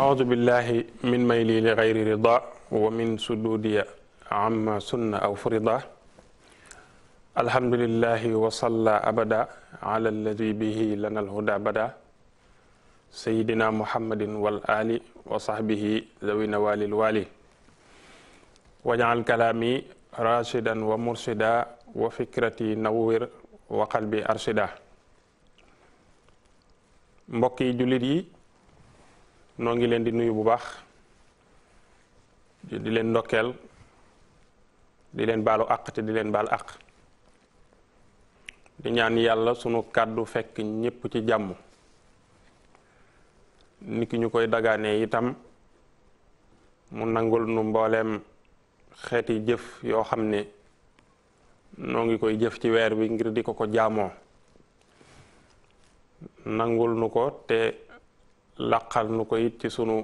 أعوذ بالله من ميلي لغير رضا ومن سدودي عما سن أو فرضا الحمد لله وصلى أبدا على الذي به لنا الهدى بدا سيدنا محمد والآل وصحبه ذوي نوال الوالي واجعل كلامي راشدا ومرشدا وفكرتي نور وقلبي أرشدا mbokki jullit yi noo ngi leen di nuyu bu baax di leen ndokkeel di leen baalu àq te di leen baal àq di ñaan yàlla sunu kàddu fekk ñépp ci jàmm ni ki ñu koy dagaanee itam mu nangul nu mbooleem xeeti jëf yoo xam ne noo ngi koy jëf ci weer wi ngir di ko ko jaamoo nangul nu ko te laqal nu ko it ci sunu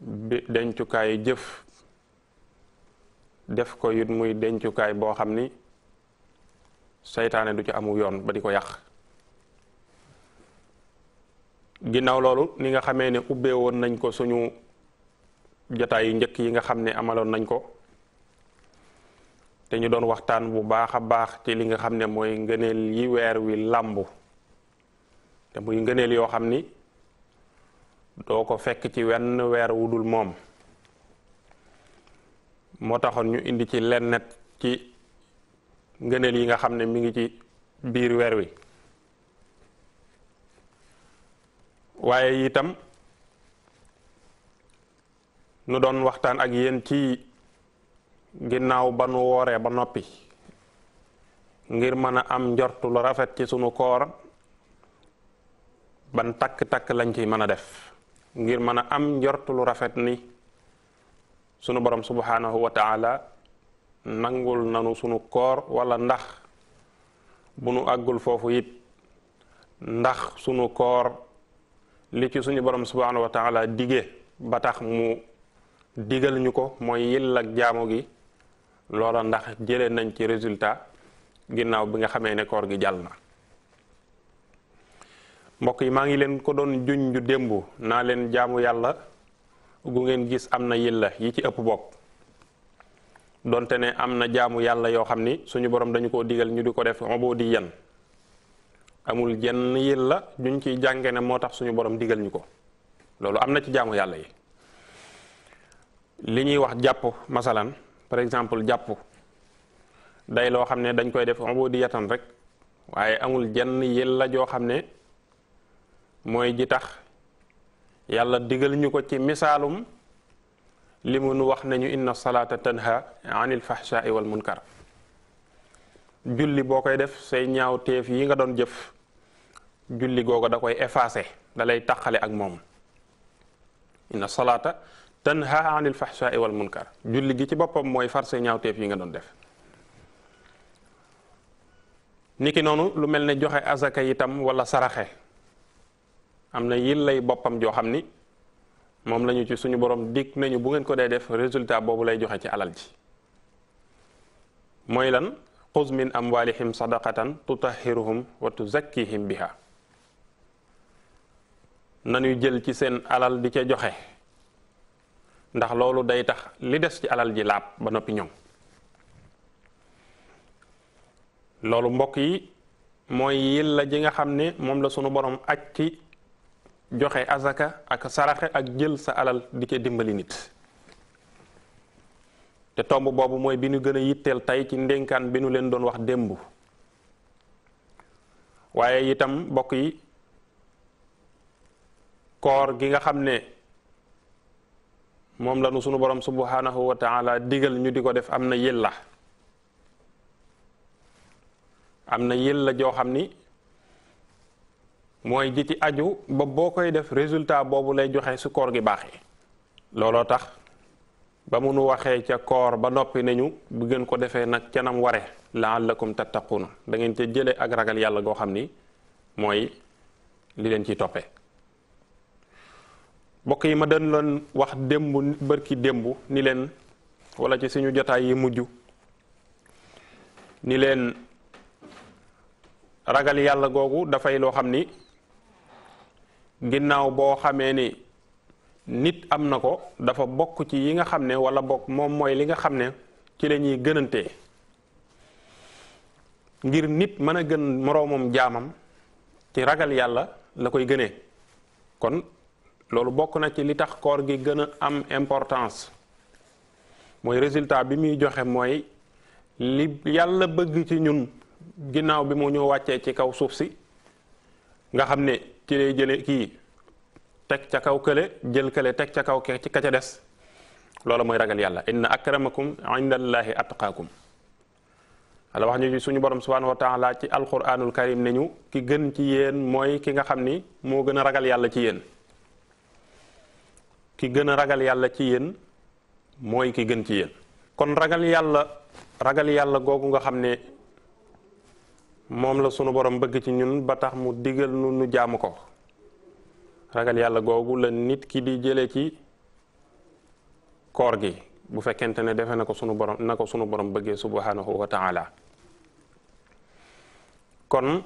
bi dencukaay jëf def ko it muy dencukaay boo xam ni seytaane du ci amu yoon ba di ko yàq ginnaaw loolu ni nga xamee ne ubbee woon nañ ko suñu jataay yu njëkk yi nga xam ne amaloon nañ ko te ñu doon waxtaan bu baax a baax ci li nga xam ne mooy ngëneel yi weer wi làmbu te muy ngëneel yoo xam ni doo ko fekk ci wenn weer wudul moom moo taxoon ñu indi ci lennet ci ngëneel yi nga xam ne mi ngi ci biir weer wi waaye itam nu doon waxtaan ak yéen ci ginnaaw ba nu wooree ba noppi ngir mën a am njort lu rafet ci sunu koor ban takk-takk lañ ci mën a def ngir mën a am njort lu rafet ni sunu borom subhanahu wa taala nangul nanu suñu koor walla ndax bu nu àggul foofu it ndax sunu koor li ci suñu borom subhanahu wa taala dige ba tax mu digal ñu ko mooy yëll ak jaamu gi loola ndax jëlee nañ ci résultat ginnaaw bi nga xamee ne koor gi jàll na mbokk yi maa ngi leen ko doon juñ ju démb naa leen jaamu yàlla gu ngeen gis am na yilla yi ci ëpp bopp doonte ne am na jaamu yàlla yoo xam ni suñu borom dañu koo digal ñu di ko def di yan amul jenn yilla juñ ciy jànge moo tax suñu borom digal ñu ko loolu am na ci jaamu yàlla yi li ñuy wax jàpp masalan par exemple jàpp day loo xam ne dañ koy def obodi yatan rek waaye amul jenn joo xam ne mooy ji tax yàlla digal ñu ko ci misaalum li nu wax nañu ina salaata tanha anil fahshaai wal munkar julli boo koy def say ñaaw teef yi nga doon jëf julli googu da koy effacé dalay lay ak moom inna salaata tanha anil fahshaai wal munkar julli gi ci boppam mooy far say ñaaw teef yi nga doon def niki noonu lu mel ne joxe azaka itam wala saraxe am na yillay boppam joo xam ni moom lañu ci suñu boroom dig nañu bu ngeen ko dee def résultat boobu lay joxe ci alal ji mooy lan xuz min amwalihim sadaqatan tutahhiruhum wa tuzakkihim biha nañuy jël ci seen alal di ca joxe ndax loolu day tax li des ci alal ji laab ba noppi ñoŋ loolu mbokk yi mooy yilla ji nga xam ne moom la sunu borom aj joxe azaka ak saraxe ak jël sa alal di ko dimbali nit te tomb boobu mooy bi nu gën a yitteel tey ci ndénkaan bi ñu leen doon wax démb waaye itam bokk yi koor gi nga xam ne moom lanu sunu borom subhanahu wa taala digal ñu di ko def am na la am na yëlla joo xam ni mooy ji ci aju ba boo koy def résultat boobu lay joxe su koor gi baaxe looloo tax ba mu nu waxee ca koor ba noppi nañu bu gën ko defee nag ca nam ware la'allakum tattaquna da ngeen ca jëlee ak ragal yàlla goo xam ni mooy li leen ciy toppee mbokk yi ma dañ loon wax démb bërki démb ni leen wala ci suñu jotaay yi mujj ni leen ragal yàlla googu dafay loo xam ni ginnaaw boo xamee ni nit am na ko dafa bokk ci yi nga xam ne wala bokk moom mooy li nga xam ne ci lañuy gënantee ngir nit mën a gën moroomam jaamam ci ragal yàlla la koy gënee kon loolu bokk na ci li tax koor gi gën a am importance mooy résultat bi muy joxe mooy li yàlla bëgg ci ñun ginnaaw bi mu ñu wàccee ci kaw suuf si nga xam ne ci lay jëlee kii teg ca kaw kële jël kële teg ca kaw ke ci ka ca des loolu mooy ragal yàlla inna akramakum indallahi atqaakum wala wax ñu suñu borom subhanahu wa taala ci alquranul karim ne ñu ki gën ci yéen mooy ki nga xam ni moo gën ragal yàlla ci yéen ki gën a ragal yàlla ci yéen mooy ki gën ci yéen kon ragal yàlla ragal yàlla googu nga xam ne moom la sunu borom bëgg ci ñun ba tax mu diggal nu nu jaamu ko ragal yàlla googu la nit ki di jële ci koor gi bu fekkente ne defe na ko sunu borom na ko borom bëggee subhanahu wa taala kon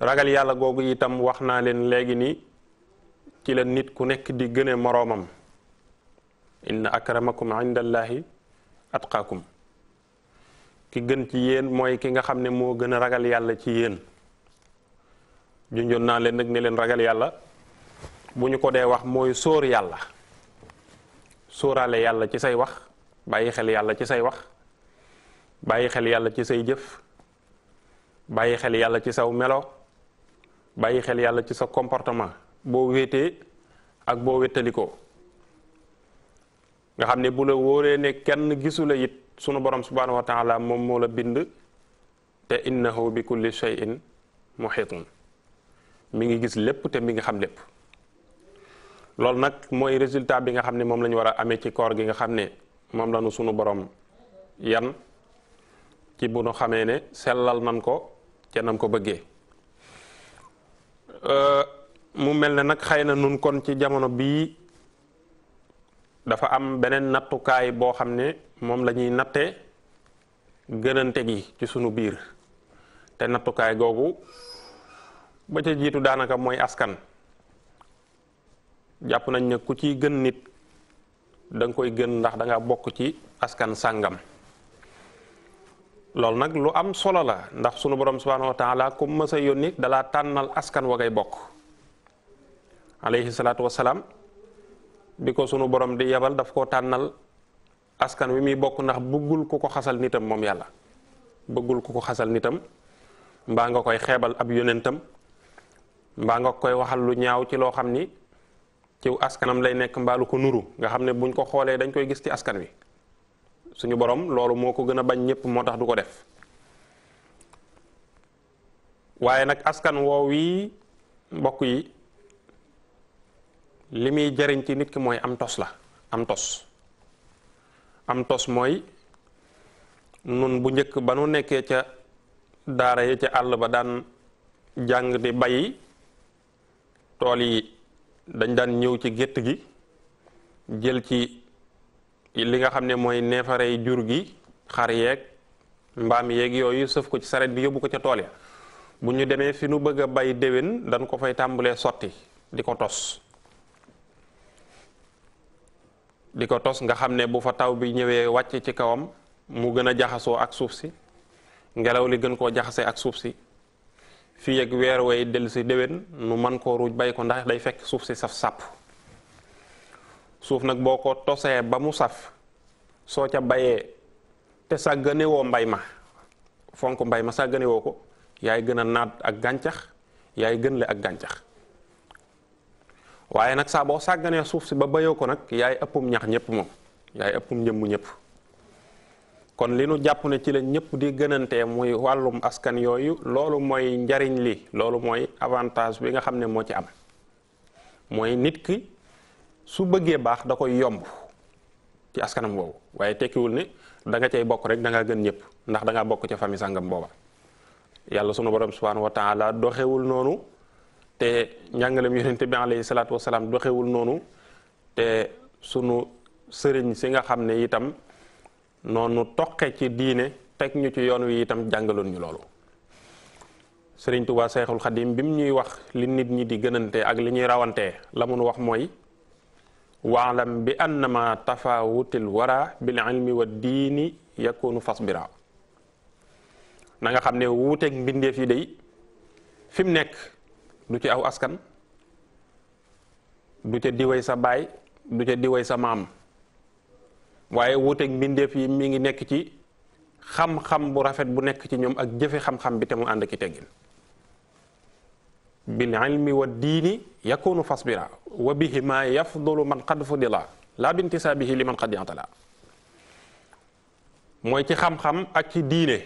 ragal yàlla googu itam wax naa leen léegi ni ci la nit ku nekk di gëne moroomam inna akramakum inda allahi atqaakum ki gën ci yéen mooy ki nga xam ne moo gën a ragal yàlla ci yéen junjoon naa leen nag ni leen ragal yàlla bu ñu ko dee wax mooy sóor yàlla sóoraale yàlla ci say wax bàyyi xel yàlla ci say wax bàyyi xel yàlla ci say jëf bàyyi xel yàlla ci saw melo bàyyi xel yàlla ci sa comportement boo wéetee ak boo wéttalikoo nga xam ne bu la wóoree ne kenn gisu la sunu borom subhanahu wa taala moom moo la bind te innahu bi kulli mu muhitun mu ngi gis lépp te mi ngi xam lépp loolu nag mooy résultat bi nga xam ne moom la war a amee ci koor gi nga xam ne moom la ñu sunu borom yan ci bu nu xamee ne sellal nan ko ca nam ko bëggee euh, mu mel ne nag xëy na nun kon ci jamono bii dafa am beneen nattukaay boo xam ne moom la ñuy natte gënante gi ci suñu biir te nattukaay googu ba jiitu daanaka mooy askan jàpp nañ ne ku ci gën nit da koy gën ndax danga bokk ci askan sàngam loolu nag lu am solo la ndax sunu borom subhaanahu wa taala ku mës yónni dalaa tànnal askan wa ngay bokk alayhi salaatu bi ko sunu borom di yebal daf koo tànnal askan wi muy bokk ndax bëggul ku ko xasal nitam moom yàlla bëggul ku ko xasal nitam mbaa nga koy xeebal ab yonentam mbaa nga koy waxal lu ñaaw ci loo xam ni ci askanam lay nekk mbaa lu ko nuru nga xam ne buñ ko xoolee dañ koy gis ci askan wi suñu boroom loolu moo ko gën a bañ ñépp moo tax du ko def waaye nag askan woow yi mbokk yi li muy jariñ ci nit ki mooy am tos la am tos am tos mooy nun bu njëkk ba nu nekkee ca daara yi ca àll ba daan jàng di bayi tool yi dañ daan ñëw ci gétt gi jël ci li nga xam ne mooy neefarey jur gi xar yeeg mbaam yeeg yooyu sëf ko ci saret bi yóbbu ko ca tool ya bu ñu demee fi nu bëgg bay déwén dañ ko fay tàmbalee sotti di ko tos di ko tos nga xam ne bu fa taw bi ñëwee wàcc ci kawam mu gën a jaxasoo ak suuf si ngelaw li gën koo jaxasee ak suuf si fi ak weer way dellu si déwén nu man koo ruuj bay ko ndax day fekk suuf si saf sàpp suuf nag boo ko tosee ba mu saf soo ca bayee te sàggane mbay ma fonk mbay ma sàggane woo ko yaay gën a naat ak gàncax yaay gën le ak gàncax waaye nag saa boo sàgganee suuf si ba bayoo ko nag yaay ëppum ñax ñëpp moom yaay ëppum njëmm ñëpp kon li nu jàpp ne ci la ñëpp di gënantee mooy wàllum askan yooyu loolu mooy njariñ li loolu mooy avantage bi nga xam ne moo ci am mooy nit ki su bëggee baax da koy yomb ci askanam woowu waaye tekkiwul ne da nga cay bokk rek da nga gën ñëpp ndax danga bokk ca famille sàngam booba yàlla sunu borom subhanahu wa taala doxewul noonu te njàngalem yonente bi alayhi salaatu wasalaam doxewul noonu te sunu sëriñ si nga xam ne itam noonu toqe ci diine teg ñu ci yoon wi itam jàngaloon ñu loolu sëriñ Tuubaa Seexul Xadim bi mu ñuy wax li nit ñi di gënante ak li ñuy rawante la mun wax mooy waalam bi annama tafawutil wara bil ilmi wa diini yakunu fasbira na nga xam ne wuuteeg mbindeef yi day fi nekk du ci aw askan du ca diway sa baay du ca diway sa maam waaye wuuteeg mbindeef yi mi ngi nekk ci xam-xam bu rafet bu nekk ci ñoom ak jëfe xam-xam bi te mu ànd ki teggin bil ilmi wa diini yakunu fasbira wa bihima yafdulu man qad fudila laa bintisaabihi li man qad yatala mooy ci xam-xam ak ci diine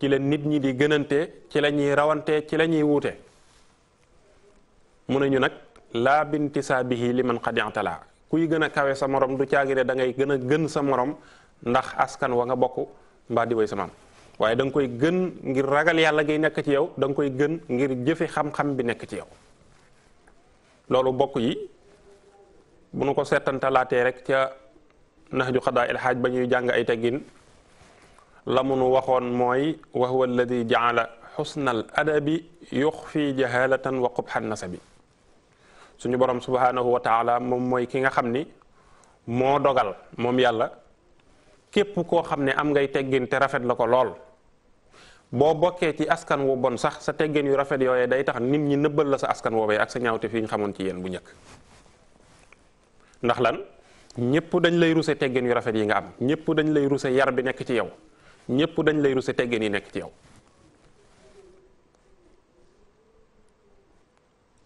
ci la nit ñi di gënante ci la ñuy rawante ci lañuy ñuy wuute mu ne ñu nag laa bintisaabihi li man xadiantala kuy gën a kawe sa moroom du caagi ne da ngay gën a gën sa moroom ndax askan wa nga bokk mbaa di way sa maam waaye danga koy gën ngir ragal yàlla ngay nekk ci yow danga koy gën ngir jëfe xam-xam bi nekk ci yow loolu bokk yi bu nu ko talaatee rek ca nahju xadaa ilxaaj ba ñuy jàng ay teggin lamu mu nu waxoon mooy wax wa huwa alladi jaala xusna al adabi yuxfi jahalatan wa qubhan nasabi suñu borom subhanahu wa taala moom mooy ki nga xam ni moo dogal moom yàlla képp koo xam ne am ngay teggin te rafet la ko lool boo bokkee ci askan wu bon sax sa teggin yu rafet yooyee day tax nit ñi nëbbal la sa askan woobee ak sa ñaawte fi ñu xamoon ci yéen bu njëkk ndax lan ñëpp dañ lay ruse teggin yu rafet yi nga am ñëpp dañ lay ruse yar bi nekk ci yow ñëpp dañ lay ruse teggin yi nekk ci yow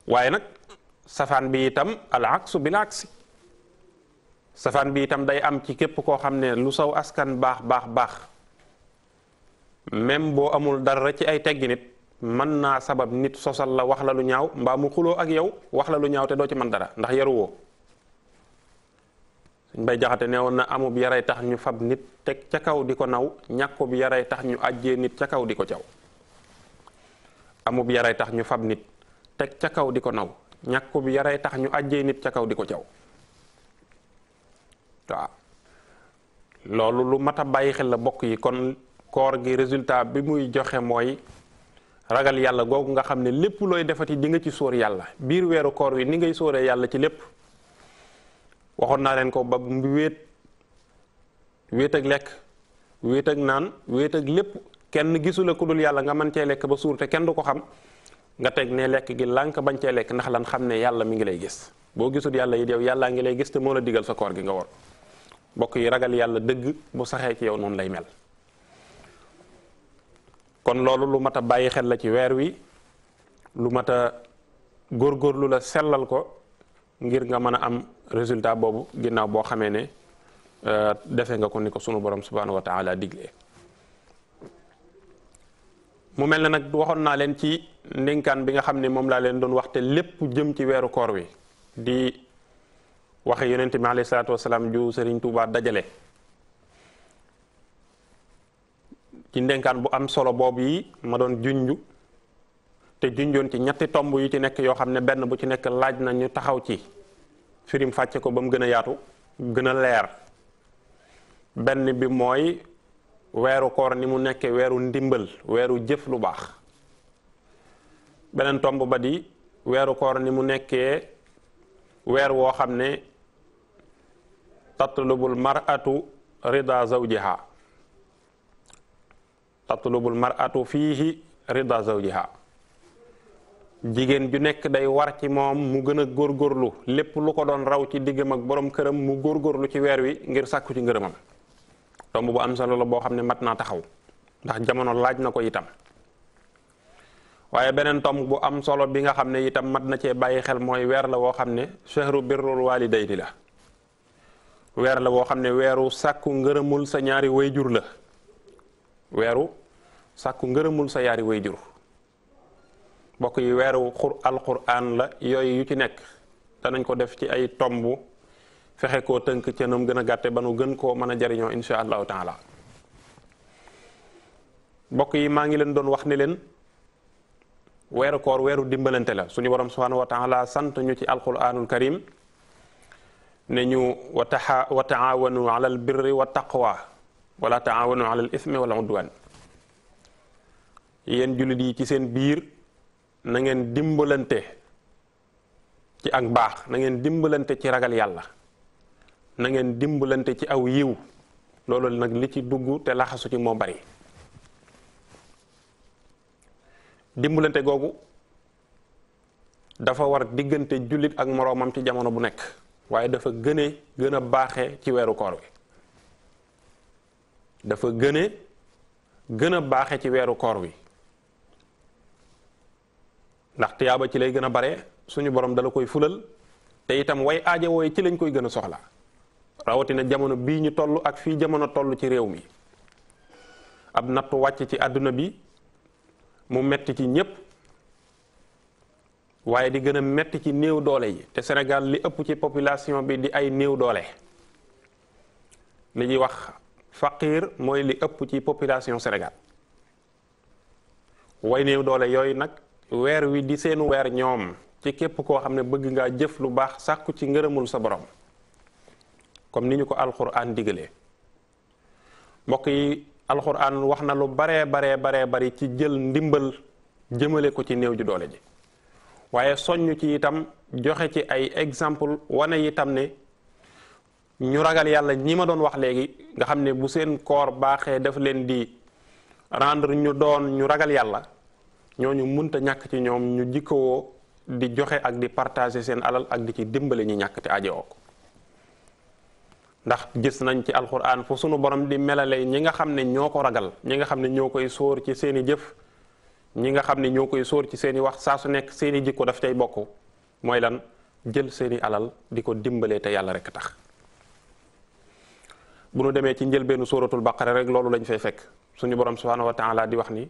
waaye nag safaan bi itam al aksu bil aksi safaan bi itam day am ci képp koo xam ne lu saw askan baax baax baax même boo amul dara ci ay teggi nit mën naa sabab nit sosal la wax la lu ñaaw mbaa mu xuloo ak yow wax la lu ñaaw te doo ci mën dara ndax yaruwoo suñ bay jaxate ne woon na amub yaray tax ñu fab nit teg ca kaw di ko naw ñàkkub yaray tax ñu àjjee nit ca kaw di ko caw amub yaray tax ñu fab nit teg ca kaw di ko naw ñàkku ñàkkub yaray tax ñu àjjee nit ca kaw di ko caw waaw loolu lu mat a bàyyi xel la bokk yi kon koor gi résultat bi muy joxe mooy ragal yàlla googu nga xam ne lépp looy defati di nga ci sóor yàlla biir weeru koor wi ni ngay sóoree yàlla ci lépp waxoon naa leen ko ba wéet wéet ak lekk wéet naan wéet ak lépp kenn gisu la ku dul yàlla nga mën cee lekk ba suur te kenn du ko xam nga teg ne lekk gi lànk bañ cee lekk ndax lan xam ne yàlla mi ngi lay gis boo gisul yàlla yi yow yàllaa ngi lay gis te moo la digal sa koor gi nga war bokk yi ragal yàlla dëgg bu saxee ci yow noonu lay mel kon loolu lu mat a bàyyi xel la ci weer wi lu mat a góor góorgóorlu la sellal ko ngir nga mën a am résultat boobu ginnaaw boo xamee ne euh, defe nga ko ni ko sunu borom subhanahu wa taala digle mu mel na nag waxoon naa leen ci ndénkaan bi nga xam ne moom laa leen doon wax waxte lépp jëm ci weeru koor wi di waxe yonente bi alayhi salaatu wasalaam ju Sëriñ Tuubaa dajale ci ndénkaan bu am solo boobu yi ma doon junju te junjoon ci ñetti tomb yu ci nekk yoo xam ne benn bu ci nekk laaj na ñu taxaw ci firim fàcce ko ba mu gën a yaatu gën a leer benn bi mooy weeru koor ni mu nekkee weeru ndimbal weeru jëf lu baax beneen tomb ba di weeru koor ni mu nekkee weer woo xam ne tatlubul mar'atu rida zawjiha mar'atu fiihi rida zawjiha jigéen ju nekk day war ci moom mu gën a góorlu lépp lu ko doon raw ci diggam ak boroom këram mu góor góorlu ci weer wi ngir sàkku ci ngërëmam tomb bu am solo la boo xam ne mat naa taxaw ndax jamono laaj na ko itam waaye beneen tomb bu am solo bi nga xam ne itam mat na cee bàyyi xel mooy weer la woo xam ne shahru birrul waalidayni la weer la woo xam ne weeru sàkku ngërëmul sa ñaari jur la weeru sàkku ngërëmul sa ñaari jur mbokk yi weeru xur alquran la yooyu yu ci nekk danañ ko def ci ay tomb fexe ko tënk ca nu gën a gàtte ba nu gën koo mën a jariñoo insha allahu taala mbokk yi maa ngi leen doon wax ni leen weeru koor weeru dimbalante la suñu borom subhanahu wa taala sant ñu ci alquranul karim ne ñu wa taa wa taawanu ala al birri wa taqwa wala taawanu ala al ismi wal udwan yéen jullit yi ci seen biir nangeen dimbalante ci ak baax na ngeen dimbalante ci ragal yàlla na ngeen dimbalante ci aw yiw loolu nag li ci dugg te laxasu ci moo bari dimbalante googu dafa war diggante jullit ak moroomam ci jamono bu nekk waaye dafa gënee gën a baaxee ci weeru koor dafa gënee gën a baaxe ci weeru koor wi ndax tiyaaba ci lay gën a bare suñu borom dala koy fulal te itam way aaja wooye ci lañ koy gën a soxla rawatina jamono bii ñu toll ak fii jamono tollu ci réew mi ab nattu wàcc ci àdduna bi mu metti ci ñépp waaye di gën a metti ci néew doole yi te senegal li ëpp ci population bi di ay néew doole li ñuy wax faqiir mooy li ëpp ci population senegal way néew doole yooyu nag weer wi di seenu weer ñoom ci képp koo xam ne bëgg ngaa jëf lu baax sàkku ci ngërëmul sa borom comme ni ñu ko alxuraan digalee mbokk yi alxuraan wax na lu baree baree baree bari ci jël ndimbal jëmale ko ci néew ju doole ji waaye soññ ci itam joxe ci ay exemple wane itam ne ñu ragal yàlla ñi ma doon wax léegi nga xam ne bu seen koor baaxee daf leen di rendre ñu doon ñu ragal yàlla ñooñu munta ñàkk ci ñoom ñu jikkowoo di joxe ak di partager seen alal ak di ci dimbale ñi ñàkk te ajewoo ko ndax gis nañ ci alxuraan fu sunu borom di melale ñi nga xam ne ñoo ko ragal ñi nga xam ne ñoo koy sóor ci seeni jëf ñi nga xam ne ñoo koy sóor ci seeni wax saa su nekk seen i jikko daf tey bokk mooy lan jël seeni alal di ko dimbalee te yàlla rek tax bu nu demee ci njëlbeenu suuratul baqara rek loolu lañ fay fekk suñu borom subhaanahu wa taala di wax ni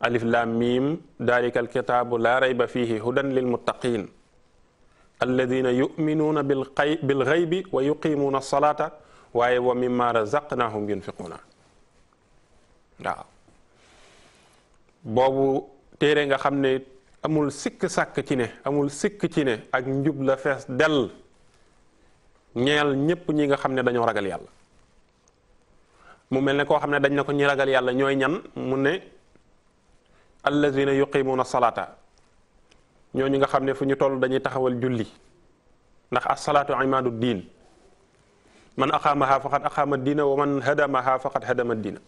alif lam mim dalika alkitaabu laa rayba fiihi hudan lil muttaqin alladina yuminuuna bil xay bil xaybi wa yuqimuuna salaata waaye wa mimma razaqnahum yunfiquuna waaw boobu téere nga xam ne amul sikk sàkk ci ne amul sikk ci ne ak njub la fees del ñeel ñépp ñi nga xam ne dañoo ragal yàlla mu mel ne koo xam ne dañ na ko ñi ragal yàlla ñooy ñan mu ne alladina yuqimuuna salaata ñooñu nga xam ne fu ñu toll dañuy taxawal julli ndax asalaatu imaadu diin man aqaamaha faqad aqaama diina wa man diina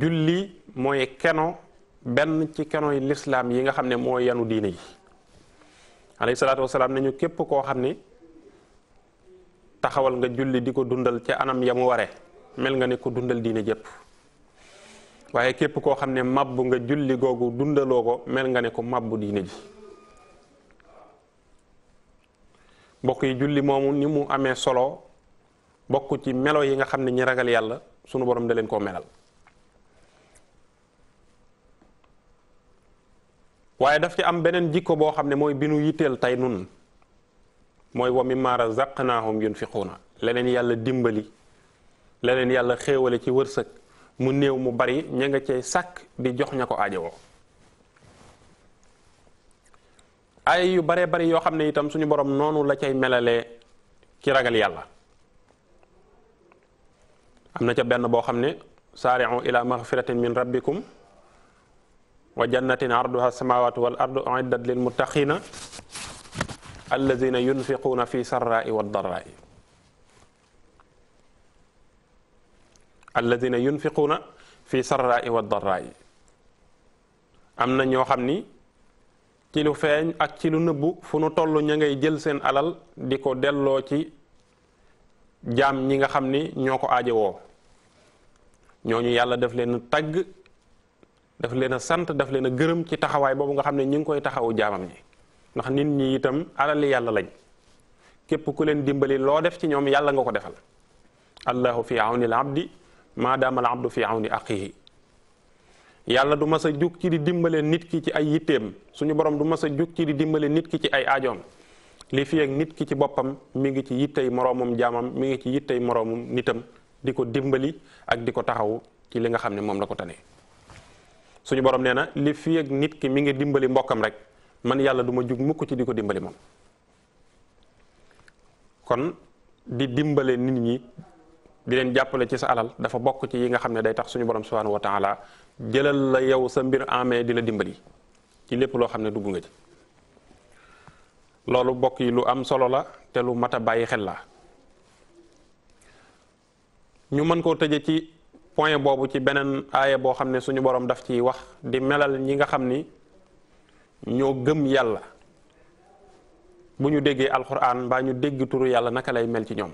julli mooy keno benn ci kenoy lislaam yi nga xam ne moo yanu diine yi alayhi salaatu wasalaam nañu képp koo xam ne taxawal nga julli di ko dundal ci anam ya mu ware mel nga ne ko dundal diina jëpp waaye képp koo xam ne mabb nga julli googu dundaloo ko mel nga ne ko mabbu diine ji mbokk yi julli moomu ni mu amee solo bokk ci melo yi nga xam ne ñi ragal yàlla sunu borom da leen koo melal waaye daf ci am beneen jikko boo xam ne mooy bi nu yitteel tey nun mooy wa mimmaa razaqnaahum yunfiquuna leneen yàlla dimbali leneen yàlla xéewale ci wërsëg mu néew mu bari ña nga cay sàkk di jox ña ko aajowoo ay yu baree bari yoo xam ne itam suñu borom noonu la cay melalee ci ragal yàlla am na ca benn boo xam ne saari'u ila maghfiratin min rabbikum wa jannatin arduha samawatu wal ardu uiddat lil muttaqina allazina yunfiquuna fi sarraai wa darraai alladina yunfiquuna fi sarraai wa darraai am na ñoo xam ni ci lu feeñ ak ci lu nëbbu fu nu toll ñu ngay jël seen alal di ko delloo ci jaam ñi nga xam ni ñoo ko aajowoo ñu yàlla daf leen tagg daf leen sant daf leen gërëm ci taxawaay boobu nga xam ne ñu ngi koy taxawu jaamam ñi ndax nit ñi itam alal yàlla lañ képp ku leen dimbali loo def ci ñoom yàlla nga ko defal allahu fi awnil abdi maa maadaama al du fi awni aqihi yàlla du mas a jug ci di dimbale nit ki ci ay yitteem suñu borom du mas a jug ci di dimbale nit ki ci ay aajoom li fi ak nit ki ci boppam mi ngi ci yittey moroomam jaamam mi ngi ci yittey moroomam nitam di ko dimbali ak di ko taxaw ci li nga xam ne moom la ko tane suñu borom nee na li fi ak nit ki mi ngi dimbali mbokkam rek man yàlla du ma jug mukk ci di ko dimbali moom kon di dimbale nit ñi di leen jàppale ci sa alal dafa bokk ci yi nga xam ne day tax suñu borom subhanahu wa taala jëlal la yow sa mbir amee di la dimbali ci lépp loo xam ne dugg nga ci loolu bokk yi lu am solo la te lu mat a bàyyi xel la ñu mën koo tëje ci point boobu ci beneen aaya boo xam ne suñu borom daf ciy wax di melal ñi nga xam ni ñoo gëm yàlla bu ñu déggee alxuraan mbaa ñu dégg turu yàlla naka lay mel ci ñoom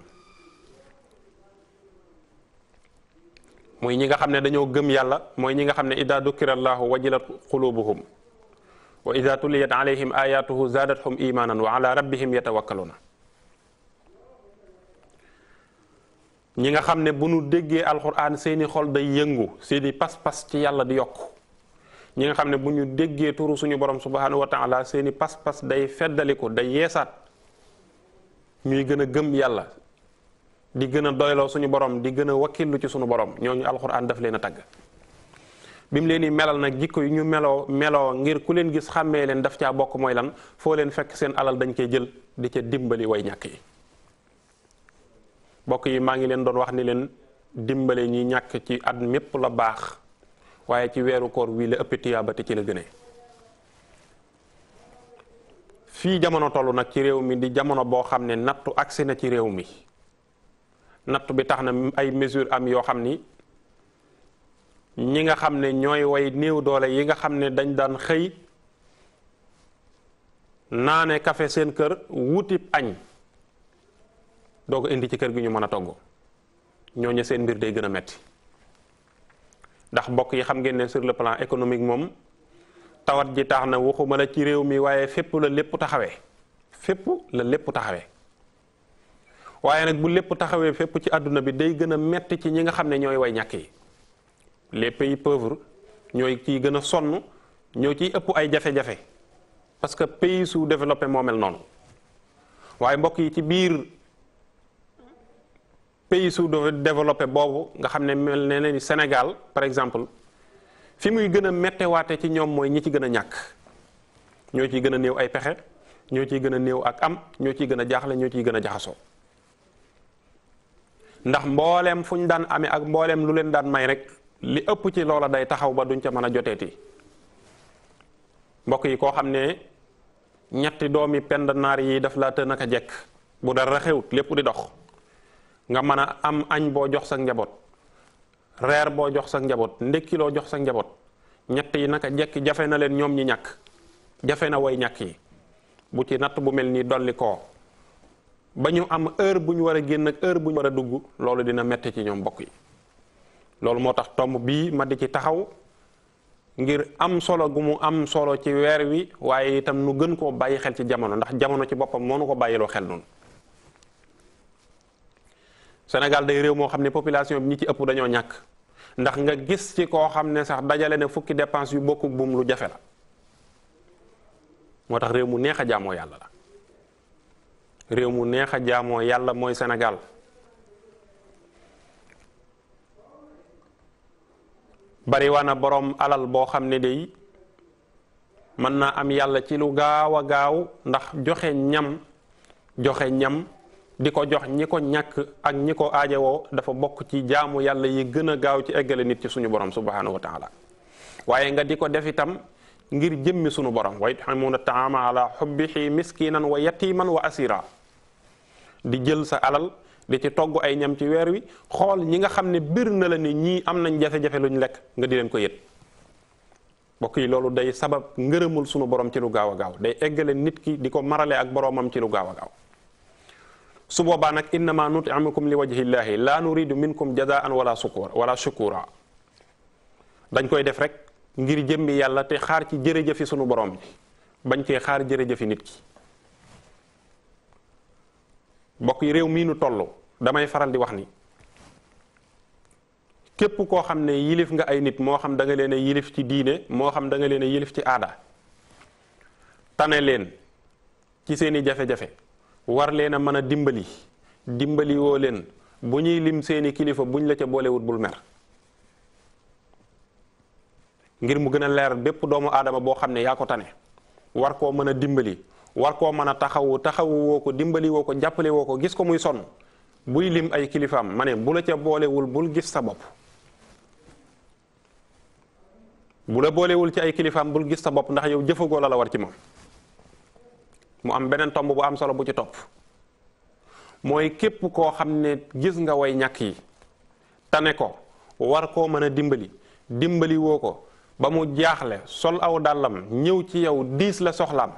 mooy ñi nga xam ne dañoo gëm yàlla mooy ñi nga xam ne ida dukkira allahu wajilat qulubuhum wa ida tuliyat alayhim ayatuhu zaadathum imanan wa ala rabbihim yatawakkaluna ñi nga xam ne bu nu déggee alquran seeni xol day yëngu seeni pas-pas ci yàlla di yokk ñi nga xam ne bu ñu déggee turu suñu borom subhanahu wa taala seeni pas-pas day feddaliku day yeesaat ñuy gën a gëm yàlla di gën a doyloo suñu borom di gën a wakkilu ci suñu borom ñooñu alxuraan daf leen a tagg bi mu leen di melal nag jikko yu ñu meloo meloo ngir ku leen gis xàmmee leen daf caa bokk mooy lan foo leen fekk seen alal dañ koy jël di ca dimbali way ñàkk yi bokk yi maa ngi leen doon wax ni leen dimbale ñi ñàkk ci at mépp la baax waaye ci weeru koor wii la ëpp tiyaaba ci la gënee fii jamono toll nag ci réew mi di jamono boo xam ne nattu agsi na ci réew mi natt bi tax na ay mesures am yoo xam ni ñi nga xam ne ñooy way néew doole yi nga xam ne dañ daan xëy ne kafe seen kër wutib añ doo ko indi ci kër gi ñu mën a togg ñooñu seen mbir day gën a metti ndax mbokk yi xam ngeen ne sur le plan économique moom tawat ji tax na waxuma la ci réew mi waaye fépp la lépp taxawee fépp la lépp taxawee waaye nag bu lépp taxawee fépp ci àdduna bi day gën a metti ci ñi nga xam ne ñooy way ñàkk yi les pays pauvres ñooy ciy gën a sonn ñoo ciy ëpp ay jafe-jafe parce que pays sous développé moo mel noonu waaye mbokk yi ci biir pays sous développé boobu nga xam ne mel ne ni Sénégal par exemple fi muy gën a mettewaate ci ñoom mooy ñi ci gën a ñàkk ñoo ciy gën a néew ay pexe ñoo ciy gën a néew ak am ñoo ciy gën a jaaxle ñoo ciy gën a jaxasoo ndax mbooleem fu ñu daan amee ak mbooleem lu leen daan may rek li ëpp ci loola day taxaw ba duñ ca mën a joteeti mbokk yi koo xam ne ñetti doomi pend naar yi daf laa të naka jekk bu dara xewut lépp di dox nga mën a am añ boo jox sa njaboot reer boo jox sa njaboot ndékki jox sa njaboot ñett yi naka jekk jafe na leen ñoom ñi ñàkk jafe na woy ñakk yi bu ci natt bu mel nii dolli ko ba ñu am heure bu ñu war a génn ak heure bu ñu war a dugg loolu dina metti ci ñoom bokk yi loolu moo tax tomb bii ma di ci taxaw ngir am solo gu mu am solo ci weer wi waaye itam nu gën koo bàyyi xel ci jamono ndax jamono ci boppam moo nu ko bàyyiloo xel noonu Sénégal day réew moo xam ne population bi ñi ci ëpp dañoo ñàkk ndax nga gis ci koo xam ne sax dajale ne fukki dépense yu bokku buum lu jafe la moo tax réew mu neex a jaamoo yàlla la réew mu neex a jaamoo yàlla mooy Sénégal bari waa boroom alal boo xam ne day mën naa am yàlla ci lu gaaw a gaaw ndax joxe ñam joxe ñam di ko jox ñi ko ñàkk ak ñi ko aaje woo dafa bokk ci jaamu yàlla yi gën a gaaw ci eggale nit ci suñu borom subhanahu wa taala waaye nga di ko def itam ngir jëmmi suñu borom wa yutximuuna taama ala xubbihi miskinan wa man wa asira di jël sa alal di ci togg ay ñam ci weer wi xool ñi nga xam ne bir na la ne ñii am nañ jafe-jafe luñ lekk nga di leen ko yët mbokk yi loolu day sabab ngërëmul sunu borom ci lu gaaw a gaaw day eggale nit ki di ko marale ak boromam ci lu gaaw a gaaw su boobaa nag innama nutimukum li wajhillahi laa nuridu minkum jazaan wala sukura wala shukura dañ koy def rek ngir jëmbi yàlla te xaar ci jërëjëfi sunu borom bi bañ cee xaar jërëjëfi nit ki mbokk yi réew mii nu toll damay faral di wax ni képp koo xam ne yilif nga ay nit moo xam da nga leen a yilif ci diine moo xam da nga leen a yilif ci aada tane leen ci seeni jafe-jafe war leen mën a dimbali dimbaliwoo leen bu ñuy lim seeni kilifa buñ la ca boolewut bul mer ngir mu gën a leer bépp doomu aadama boo xam ne yaa ko tane war koo mën a dimbali war koo mën a taxawu taxawu woo ko dimbali woo ko jàppale woo ko gis ko muy sonn buy lim ay kilifaam mane ne bu la ca boolewul bul gis sa bopp bu la boolewul ci ay kilifaam bul gis sa bopp ndax yow jëfagoo la la war ci moom mu am beneen tomb bu am solo bu ci topp mooy képp koo xam ne gis nga woy ñàkk yi tane ko war koo mën a dimbali dimbali woo ko ba mu jaaxle sol aw dàllam ñëw ci yow diis la soxlaam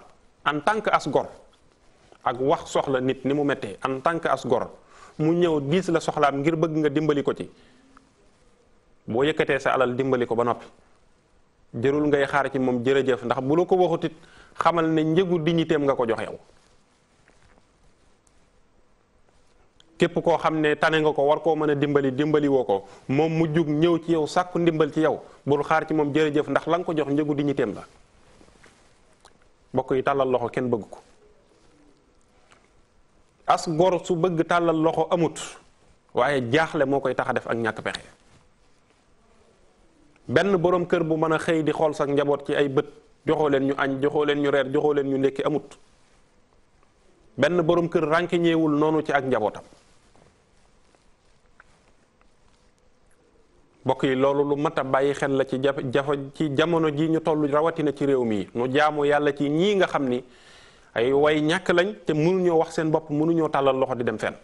en tant que as gor ak wax soxla nit ni mu mettee en tant que as gor mu ñëw diis la soxlaam ngir bëgg nga dimbali ko ci boo yëkkatee sa alal dimbali ko ba noppi jërul ngay xaar ci moom jërëjëf ndax bu la ko waxutit xamal ne njëgu dignitéem nga ko jox yow képp koo xam ne tane nga ko war koo mën a dimbali dimbali woo ko moom mu jug ñëw ci yow sàkku ndimbal ci yow bul xaar ci moom jërëjëf ndax la nga ko jox njëgu dignitéem la mbokk yi tàllal loxo kenn bëgg ko as su bëgg tàllal loxo amut waaye jaaxle moo koy tax a def ak ñàkk pexe benn borom kër bu mën a xëy di xool sax njaboot ci ay bët joxoo leen ñu añ joxoo leen ñu reer joxoo leen ñu ndekki amut benn boroom kër rànkiñeewul noonu ci ak njabootam mbokk yi loolu lu mat a bàyyi xel la ci jafe ci jamono ji ñu toll rawatina ci réew mii nu jaamu yàlla ci ñii nga xam ni ay way ñàkk lañ te mënuñoo wax seen bopp mënuñoo tàllal loxo di dem fenn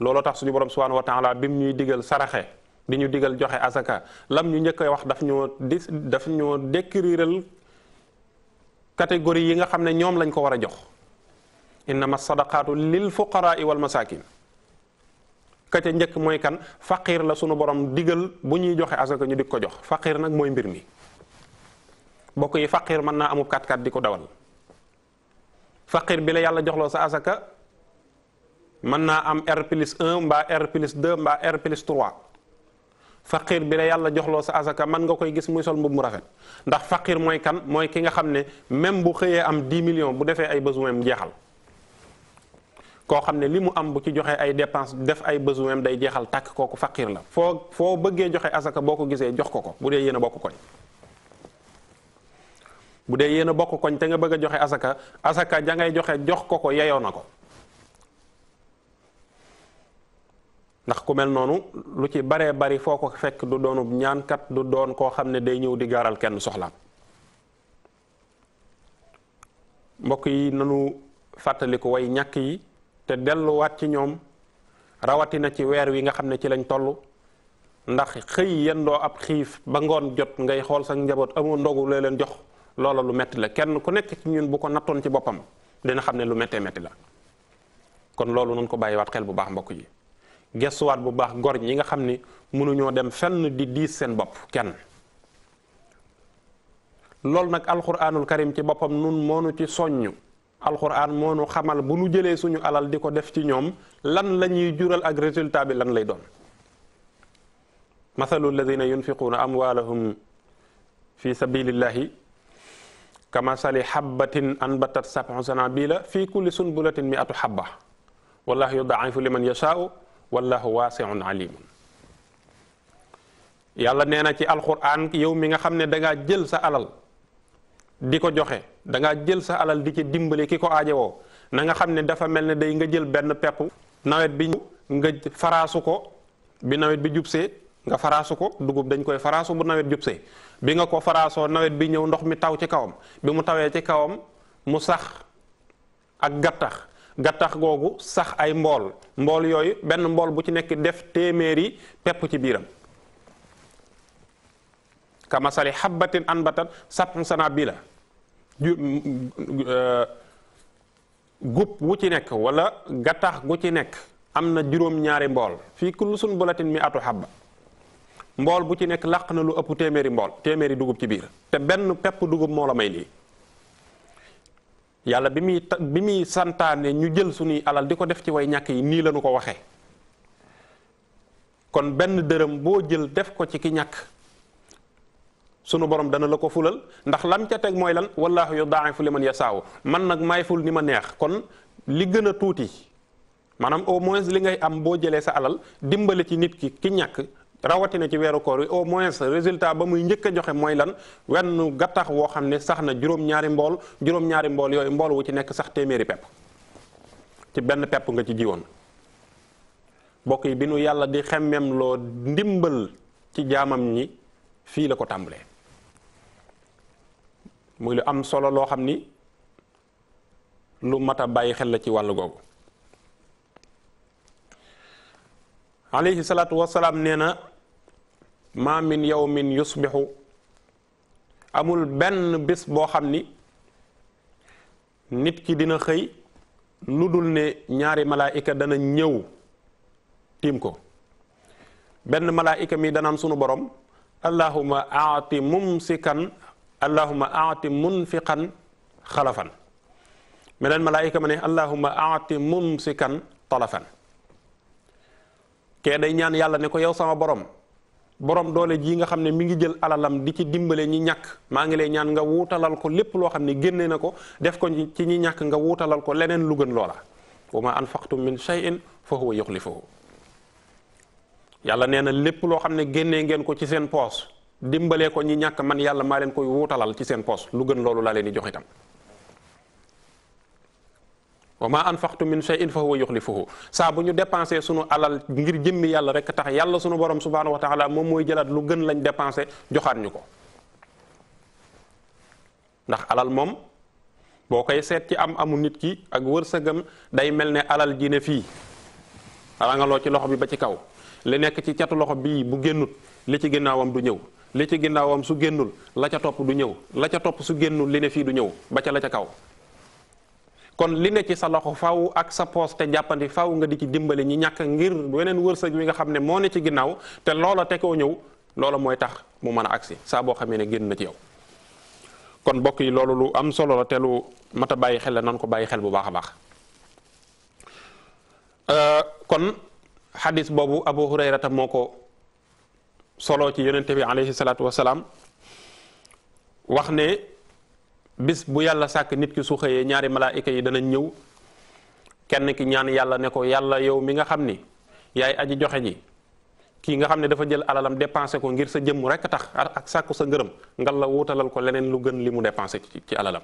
looloo tax suñu borom subhanahu wa bi mu ñuy digal saraxe di ñu digal joxe asaka lam ñu njëkk a wax daf ñoo di daf ñoo décriral catégorie yi nga xam ne ñoom lañ ko war a jox innama sadaqaatu lil fuqaraa wal masaakin ka njëkk mooy kan faqir la suñu borom digal bu ñuy joxee asaka ñu di ko jox faqir nag mooy mbir mi bokk yi faqir mën naa amub kat-kat di ko dawal faqir bi la yàlla joxloo sa asaka mën naa am R plus 1 mbaa R plus 2 mbaa R bi la yàlla joxloo sa asaka mën nga koy gis muy sol mbub mu rafet ndax faqir mooy kan mooy ki nga xam ne même bu xëyee am 10 million bu defee ay besoin mu jeexal koo xam ne li mu am bu ci joxe ay dépense def ay besoin day jeexal tàkk kooku faqir la foo foo bëggee joxe asaka boo ko gisee jox ko ko bu dee yéen a bokk koñ bu dee yéen bokk koñ te nga bëgg a joxe asaka asaka ja ngay joxe jox ko ko yeyoo na ko ndax ku mel noonu lu ci baree bari foo ko fekk du doonub ñaankat du doon koo xam ne day ñëw di gaaral kenn soxlaam mbokk yi nanu fàttaliku way ñàkk yi te delluwaat ci ñoom rawatina ci weer wi nga xam ne ci lañ toll ndax xëy yendoo ab xiif ba ngoon jot ngay xool sa njaboot amoo ndogu la leen jox loola lu metti la kenn ku nekk ñun bu ko nattoon ci boppam dina xam ne lu méttee métti la kon loolu nañ ko bàyyiwaat xel bu baax mbokk yi gestuwaat bu baax gor yi nga xam ni mënuñoo dem fenn di diis seen bopp kenn loolu nag alxuraanul karim ci boppam nun moonu ci soññ alxuraan moo nu xamal bu nu jëlee suñu alal di ko def ci ñoom lan la ñuy jural ak résultat bi lan lay doon mathalu alladina yunfiquuna amwaalahum fi sabilillahi kamasali xabbatin anbatat sab'u sanabila fi kulli sunbulatin mi'atu xabba wallahu yudaa'ifu liman yashaa'u wallahu waasi'un alimun yàlla nee na ci alxuraan yow mi nga xam ne dangaa jël sa alal di ko joxe da ngaa jël sa alal di ci dimbali ki ko aajowoo na nga xam ne dafa mel ne day nga jël benn pepp nawet bi ñu nga faraasu ko bi nawet bi jubsee nga faraasu ko dugub dañ koy faraasu bu nawet jubsee bi nga ko faraasoo nawet bi ñëw ndox mi taw ci kawam bi mu tawee ci kawam mu sax ak gattax gattax googu sax ay mbool mbool yooyu benn mbool bu ci nekk def téeméeri peppu ci biiram kamasali xabbatin anbatat bii la Euh, gub wu ci nekk wala gattax gu ci nekk am na juróom-ñaari mbool fii suñ sunbulatin mi atu xabba mbool bu ci nekk làq na lu ëpp téeméeri mbool téeméeri dugub ci biir te benn pepp dugub moo la may lii yàlla bi muy bi muy santaane ñu jël suñuy alal di ko def ci way ñàkk yi nii la ñu ko waxee kon benn dërëm boo jël def ko ci ki ñàkk sunu borom dana la ko fulal ndax lam ca teg mooy lan wallaahu yudaa'ifu liman yasaaw man nag may ful ni ma neex kon li gën a tuuti maanaam au moins li ngay am boo jëlee sa alal dimbale ci nit ki ki ñàkk rawatina ci weeru koor yi au moins résultat ba muy njëkk a joxe mooy lan wenn gattax woo xam ne sax na juróom-ñaari mbool juróom-ñaari mbool yooyu mbool wu ci nekk sax téeméeri pepp ci benn pepp nga ci jiwoon mbokk yi bi nu yàlla di xemmem loo ndimbal ci jaamam ñi fii la ko tàmbalee muy lu am solo loo xam ni lu mat a bàyyi xel la ci wàll googu alayhi salaatu wasalaam nee na ma min yawmin amul benn bis boo xam ni nit ki dina xëy lu dul ne ñaari malaayika dana ñëw tiim ko benn malaayika mi dana am sunu borom allahuma aati mumsikan allahuma aati munfiqan xalafan meneen malaayika ma ne allahuma aati mumsikan talafan kee day ñaan yàlla ne ko yow sama borom borom doole ji nga xam ne mi ngi jël alalam di ci dimbale ñi ñàkk maa ngi lay ñaan nga wuutalal ko lépp loo xam ne génne na ko def ko ci ñi ñàkk nga wuutalal ko leneen lu gën loola wa ma anfaqtum min shay'in fa huwa yuxlifuhu yàlla nee na lépp loo xam ne génnee ngeen ko ci seen poos dimbalee ko ñi ñàkk man yàlla maa leen koy wuutalal ci seen poos lu gën loolu laa leen di jox itam wa maa anfaqtum min shay'in fa huwa yukhlifuhu saa bu ñu dépensé sunu alal ngir jëmmi yàlla rek tax yàlla sunu borom subhaanahu wa taala moom mooy jëlaat lu gën lañ depanse joxaat ñu ko ndax alal moom boo koy seet ci am amu nit ki ak wër wërsëgam day mel ne alal ji ne fii rangaloo ci loxo bi ba ci kaw li nekk ci catu loxo bi bu génnut li ci ginnaawam du ñëw li ci ginnaawam su génnul la ca topp du ñëw la ca topp su génnul li ne fii du ñëw ba ca la ca kaw kon li ne ci sa loxo faw ak sa poos te jàppandi faw nga di ci dimbali ñi ñàkk ngir weneen wërsëg wi nga xam ne moo ne ci ginnaaw te loola te koo ñëw loola mooy tax mu mën a agsi saa boo xamee ne génn na ci yow kon mbokk yi loolu lu am solo la te lu mat a bàyyi xel la nan ko bàyyi xel bu baax a baax euh, kon xadis boobu Abu Hurayrata moo ko solo ci yeneente bi alayhi salaatu wasalaam wax ne bis bu yàlla sàkk nit ki su xëyee ñaari malaayika yi danañ ñëw kenn ki ñaan yàlla ne ko yàlla yow mi nga xam ni yaay aji joxe ñi kii nga xam ne dafa jël alalam dépensé ko ngir sa jëmm rek tax ak sàkku sa ngërëm ngal la wuutalal ko leneen lu gën li mu dépensé ci alalam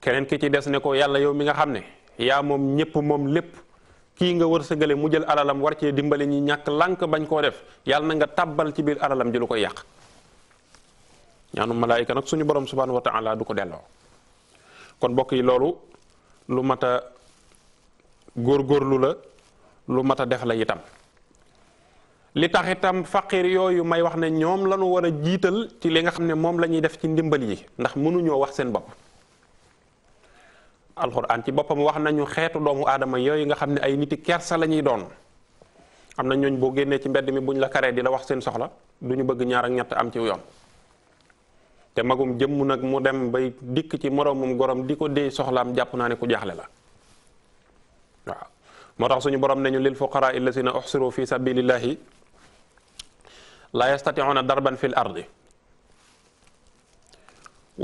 keneen ki ci des ne ko yàlla yow mi nga xam ne yaa moom ñëpp moom lépp kii nga wërsëgale mu jël alalam war cee dimbali ñi ñàkk lànk bañ koo def yàlla na nga tàbbal ci biir alalam ji lu koy yàq ñaanu malaayika nag suñu borom subhanahu wa taala du ko delloo kon mbokk yi loolu lu mat a góorlu la lu mat a def la itam li tax itam faqir yooyu may wax ne ñoom lañu war a jiital ci li nga xam ne moom la ñuy def ci ndimbal yi ndax mënuñoo wax seen bopp alxuraan ci boppam wax nañu xeetu doomu aadama yooyu nga xam ne ay niti kersa la ñuy doon am na ñooñ boo génnee ci mbedd mi buñ la karee di la wax seen soxla du ñu bëgg ñaar ak ñett am ci yoon te magum jëmm nag mu dem bay dikk ci moroomum gorom di ko dee soxlaam jàpp naa ne ku jaaxle la waaw moo tax suñu boroom nañu ñu lil fuqaraa allazina uxsiru fi sabilillahi la yastatiuna darban fil ardi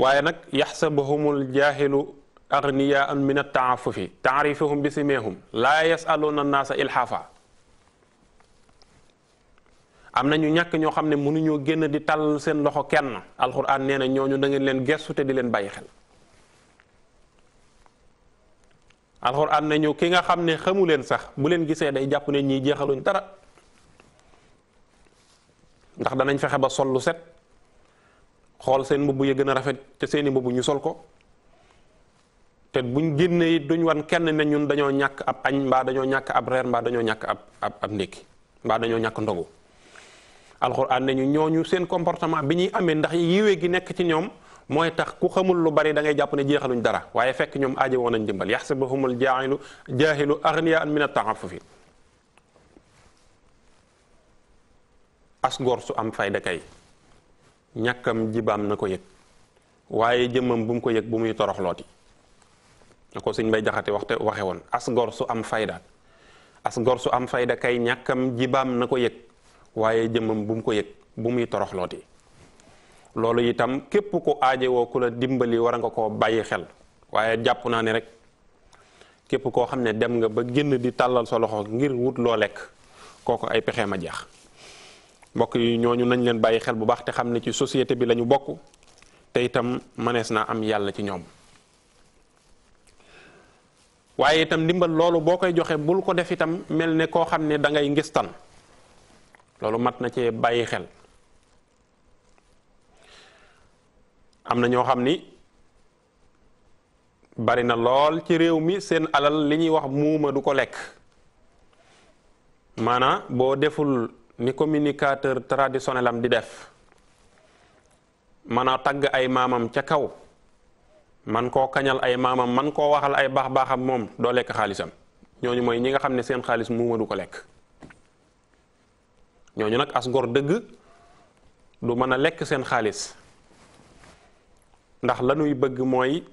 waaye nag yaxsabuhumul jaahilu agniyaa an min attaafufi taarifuhum bi simeehum laa yasaluuna naasa ilxaafa am na ñu ñàkk ñoo xam ne mënuñoo génn di tàll seen loxo kenn alxuraan nee na ñooñu da ngeen leen gestu te di leen bàyyi xel alxuraan ne ñu ki nga xam ne xamu leen sax bu leen gisee day jàpp ne ñiy jeexaluñ dara ndax danañ fexe ba sol lu set xool seen mbubb yi gën a rafet te seeni mbubb ñu sol ko te buñ génnee duñ wan kenn ne ñun dañoo ñàkk ab añ mbaa dañoo ñàkk ab reer mbaa dañoo ñàkk ab ab ab ndékki mbaa dañoo ñàkk ndogu alxuraan ne ñu ñooñu seen comportement bi ñuy amee ndax yiwe gi nekk ci ñoom mooy tax ku xamul lu bari da ngay jàpp ne jeexaluñ dara waaye fekk ñoom aaje woon nañ dimbal yaxsabuhumul jaahilu jaahilu agniyaa min at-ta'affufi asgoor su am fayde kay ñàkkam jibaam na ko yëg waaye jëmmam bu mu ko yëg bu muy toroxlooti na ko sëñ bay jaxate waxte waxe woon as gor su am fayda as gor su am fayda kay ñàkkam jibaam na ko yëg waaye jëmmam bu mu ko yëg bu muy toroxlooti loolu itam képp ku aajewoo ku la dimbali wara nga koo bàyyi xel waaye jàpp naa ne rek képp koo xam ne dem nga ba génn di tàllal sa loxo ngir wut loo lekk kooku ay pexe ma jeex mbokk yi ñooñu nañ leen bàyyi xel bu baax te xam ne ci société bi lañu bokk te itam mënees naa am yàlla ci ñoom waaye itam ndimbal loolu boo koy joxee bul ko def itam mel ne koo xam ne dangay ngay ngistan loolu mat na cee bàyyi xel am na ñoo xam ni bari na lool ci réew mi seen alal li ñuy wax muuma du ko lekk maanaam boo deful ni communicateur traditionnel am di def maanaam tagg ay maamam ca kaw man koo kañal ay maamam man koo waxal ay baax baaxam moom doo lekk xaalisam ñooñu mooy ñi nga xam ne seen xaalis muuma du ko lekk ñooñu nag as ngor dëgg du mën a lekk seen xaalis ndax lanuy bëgg mooy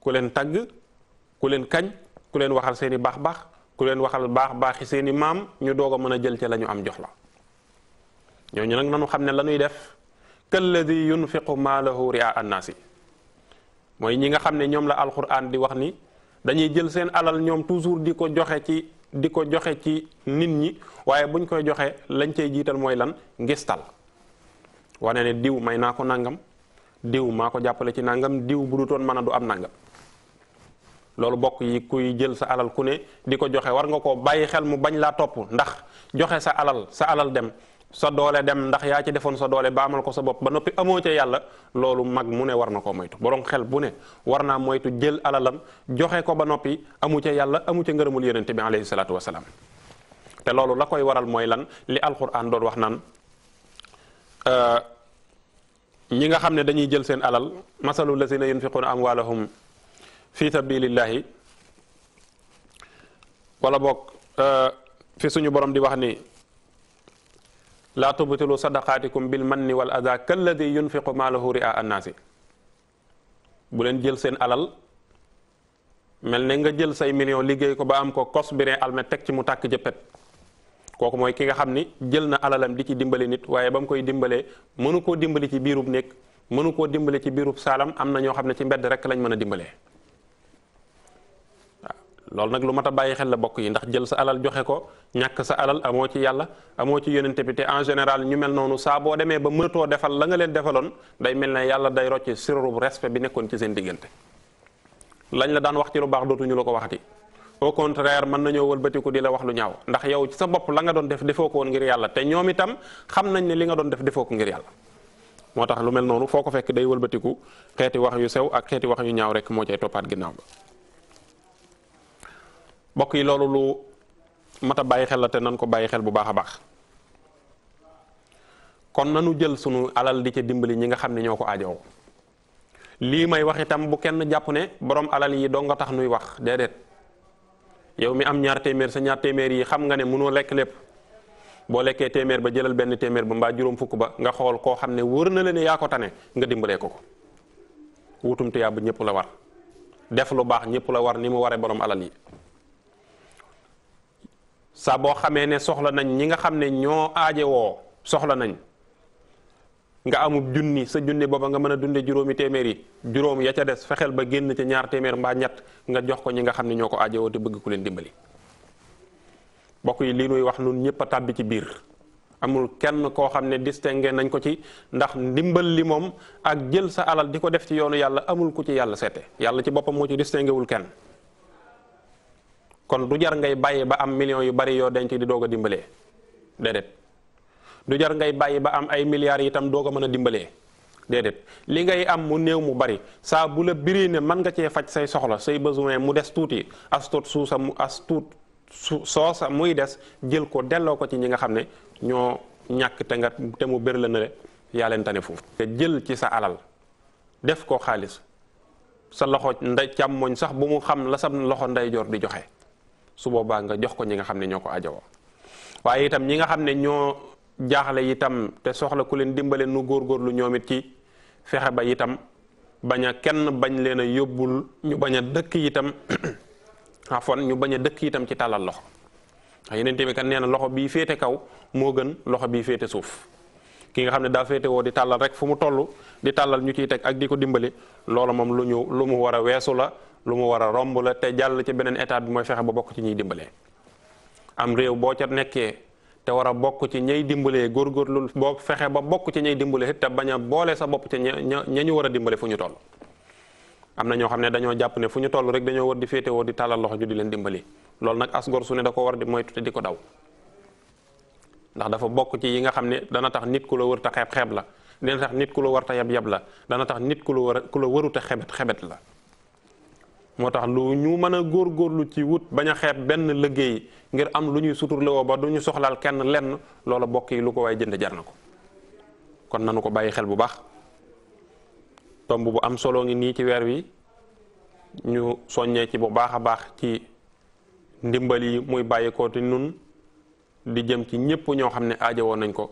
ku leen tagg ku leen kañ ku leen waxal seeni baax baax ku leen waxal baax baaxi seeni maam ñu doog a mën a jël ca la ñu am jox la ñooñu nag nanu xam ne lanuy def kalladi yunfiqu maalahu ria annaasi mooy ñi nga xam ne ñoom la alquran di wax nii dañuy jël seen alal ñoom toujours di ko joxe ci di ko joxe ci nit ñi waaye buñ koy joxe lañ cey jiital mooy lan ngistal wane ne diw may naa ko nangam diw maa ko jàppale ci nangam diw bu du toon mën a du am nangam loolu bokk yi kuy jël sa alal ku ne di ko joxe war nga koo bàyyi xel mu bañ laa topp ndax joxe sa alal sa alal dem sa doolee dem ndax yaa ci defoon sa doole baamal ko sa bopp ba noppi amoo ca yàlla loolu mag mu ne war na koo moytu borom xel bu ne war naa moytu jël alalam joxe ko ba noppi amu ca yàlla amu ca ngërëmul yonente bi alayhi salaatu wasalaam te loolu la waral mooy lan li alquran doon wax naan ñi nga xam ne dañuy jël seen alal masalu lazina yunfiquna amwalahum fi sabilillahi wala boog fi suñu borom di wax ni laa tubtilu sadaqaatikum bil manni wal adaa kalladi yunfiqu maalahu a annaasi bu leen jël seen alal mel ne nga jël say million liggéey ko ba am ko kos birin almet teg ci mu tàkk jëppet kooku mooy ki nga xam ni jël na alalam di ci dimbale nit waaye ba mu koy dimbalee mënu koo dimbali ci biirub néeg mënu koo dimbale ci biirub saalam am na ñoo xam ne ci mbedd rek lañ mën a dimbalee loolu nag lu mat a bàyyi xel la bokk yi ndax jël sa alal joxe ko ñàkk sa alal amoo ci yàlla amoo ci yonente bi en général ñu mel noonu saa boo demee ba mënatoo defal la nga leen defaloon day mel ne yàlla day rocc sirru respect bi nekkoon ci seen diggante lañ la daan wax ci lu baax dootuñu la ko waxati au contraire mën nañoo wëlbatiku di la wax lu ñaaw ndax yow ci sa bopp la nga doon def defoo ko woon ngir yàlla te ñoom itam xam nañ ne li nga doon def defoo ko ngir yàlla moo tax lu mel noonu foo ko fekk day wëlbatiku xeeti wax yu sew ak xeeti wax yu ñaaw rek moo cay toppaa ginnaaw ba mbokk yi loolu lu mat bàyyi xel la te nan ko bàyyi xel bu baax a baax kon nanu jël sunu alal di ca dimbali ñi nga xam ne ñoo ko aajowoo lii may wax itam bu kenn jàpp ne borom alal yi doo nga tax nuy wax déedéet yow mi am ñaar téeméer sa ñaar téeméer yi xam nga ne mënoo lekk lépp boo lekkee téeméer ba jëlal benn téeméer ba mbaa juróom fukk ba nga xool koo xam ne wër na leen yaa ko tane nga dimbalee ko ko wutum tuyaa bu ñëpp la war def lu baax ñëpp la war ni mu waree borom alal yi. saa boo xamee ne soxla nañ ñi nga xam ne ñoo aajewoo soxla nañ nga amub junni sa junni booba nga mën a dunde juróomi téeméer yi juróom ya ca des fexeel ba génn ca ñaar téeméer mbaa ñett nga jox ko ñi nga xam ne ñoo ko aajewoo te bëgg ku leen dimbali bokk yi lii nuy wax nun ñëpp a tàbbi ci biir amul kenn koo xam ne distingué nañ ko ci ndax ndimbal li moom ak jël sa alal di ko def ci yoonu yàlla amul ku ci yàlla seete yàlla ci boppam moo ci distingué kenn kon du jar ngay bàyyi ba am millions yu bari yoo denc di doog a dimbalee déedéet du jar ngay bàyyi ba am ay milliards yitam doog a mën a dimbalee déedéet li ngay am mu néew mu bari saa bu la biri ne mën nga cee faj say soxla say besoin mu des tuuti as tuut suusa mu as tuut su soosa muy des jël ko delloo ko ci ñi nga xam ne ñoo ñàkk te nga te mu bari la na le yaa leen foofu te jël ci sa alal def ko xaalis sa loxo nday càmmoñ sax bu mu xam la sa loxo ndeyjoor di joxe suboo boobaa nga jox ko ñi nga xam ne ñoo ko ajowoo waaye itam ñi nga xam ne ñoo jaaxle itam te soxla ku leen dimbale nu góorgóorlu ñoom it ci fexe ba itam bañ a kenn bañ leen a yóbbul ñu bañ a dëkk itam afon ñu bañ a dëkk itam ci tàllal loxo a yeneen tamit kan nee na loxo bii féete kaw moo gën loxo bii féete suuf ki nga xam ne daa féete woo di tàllal rek fu mu toll di tàllal ñu ciy teg ak di ko dimbali loolu moom lu ñu lu mu war a weesu la lu mu war a romb la te jàll ci beneen étape bi mooy fexe ba bokk ci ñuy dimbalee am réew boo ca nekkee te war a bokk ci ñay dimbalee góorgóorlu boo fexe ba bokk ci ñay dimbalee te bañ a boole sa bopp ci ña ña ñu war a dimbale fu ñu toll. am na ñoo xam ne dañoo jàpp ne fu ñu toll rek dañoo war di féetewoo di tàllal loxo ñu di leen dimbali loolu nag asgor su ne da ko war di moytu te di ko daw ndax dafa bokk ci yi nga xam ne dana tax nit ku la wër ta xeeb la dina nit ku la war ta yab yab la dana tax nit ku la war ku la wëru xebet la. moo tax lu ñu mën a góor góorgóorlu ci wut bañ a xeeb benn liggéey ngir am lu ñuy suturlewoo ba du ñu soxlaal kenn lenn loola bokk yi lu ko waaye jënd jar na ko kon nanu ko bàyyi xel bu baax tomb bu am soloo ngi nii ci weer wi ñu soññee ci bu baax a baax ci ndimbal yi muy bàyyi ko te nun di jëm ci ñépp ñoo xam ne aajawoon nañ ko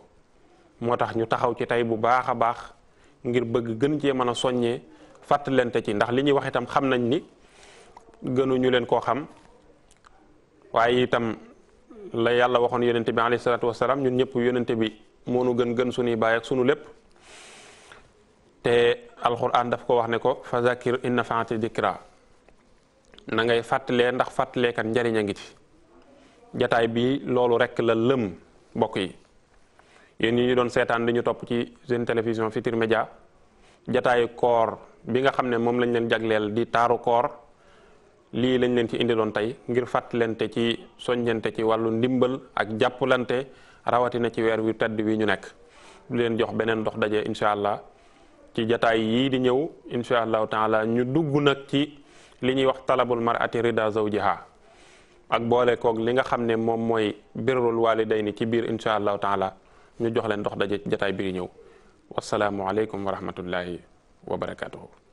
moo tax ñu taxaw ci tey bu baax a baax ngir bëgg gën cee mën a soññee fàttalante ci ndax li ñuy wax itam xam nañ ni gënuñu leen koo xam waaye itam la yàlla waxoon yonente bi alayhi salaatu wasalaam ñun ñëpp yonante bi moonu gën gën suñuy baay ak sunu lépp te alquran daf ko wax ne ko fa zakir in na ngay fàttalee ndax fàttaleekat njariñ a ngi ci jataay bi loolu rek la lëm mbokk yi yéen ñi ñu doon seetaan di ñu topp ci seen télévision Futurs Médias jataay koor bi nga xam ne moom lañ leen jagleel di taaru koor lii lañ leen ci indiloon tey ngir fàttalante ci soññante ci wàllu ndimbal ak jàppalante rawatina ci weer wi tedd wi ñu nekk di leen jox beneen ndox daje incha allah ci jataay yii di ñëw incha allahu taala ñu dugg nag ci li ñuy wax talabul mar'ati rida zawjiha ak boole koog li nga xam ne moom mooy birrul walidayni ci biir incha allahu taala ñu jox leen dox daje ci jataay bi di ñëw wasalaamualeykum wa rahmatullahi wa barakatuhu